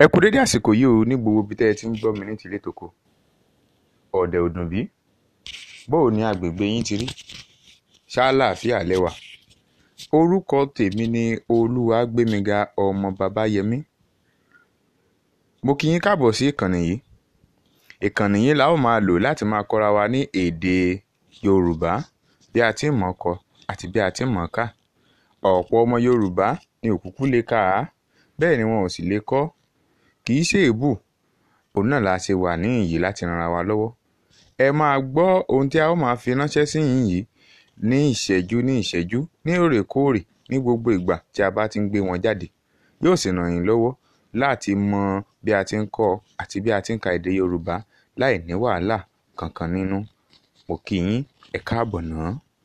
ẹ kú dédé àsìkò yìí o ní gbogbo ibi tẹ́ ẹ ti ń gbọ́ mi ní tìlé tòko ọ̀dẹ̀ òdùnbí bóò ni agbègbè yín ti rí ṣáláàfíà lẹ́wà orúkọ tèmi ni olúwàgbémiga ọmọ babayẹmí mo kí yín káàbọ̀ sí ìkànnì yìí ìkànnì yìí la ó máa lò láti máa kọ́ra wa ní èdè yorùbá bí a ti mọ̀ kọ àti bí a ti mọ̀ ká ọ̀pọ̀ ọmọ yorùbá ni òkúkú lè kà á bẹ́ẹ̀ ni wọn ò sì lè kọ́ kì í ṣe èébù òun náà la ṣe wà níhìn yìí láti ran ara wa lọ́wọ́ ẹ máa gbọ́ ohun tí a ó máa fi ránṣẹ́ sí yín yìí ní ìṣẹ́jú ní ìṣẹ́jú ní òrèkóòrè ní gbogbo ìgbà tí a bá ti ń gbé wọn jáde yóò sì ràn yín lọ́wọ́ láti mọ bí a ti ń kọ àti bí a ti ń ka èdè Yorùbá láì ní wàhálà kankan nínú mo kí yín ẹ káàbọ̀ ná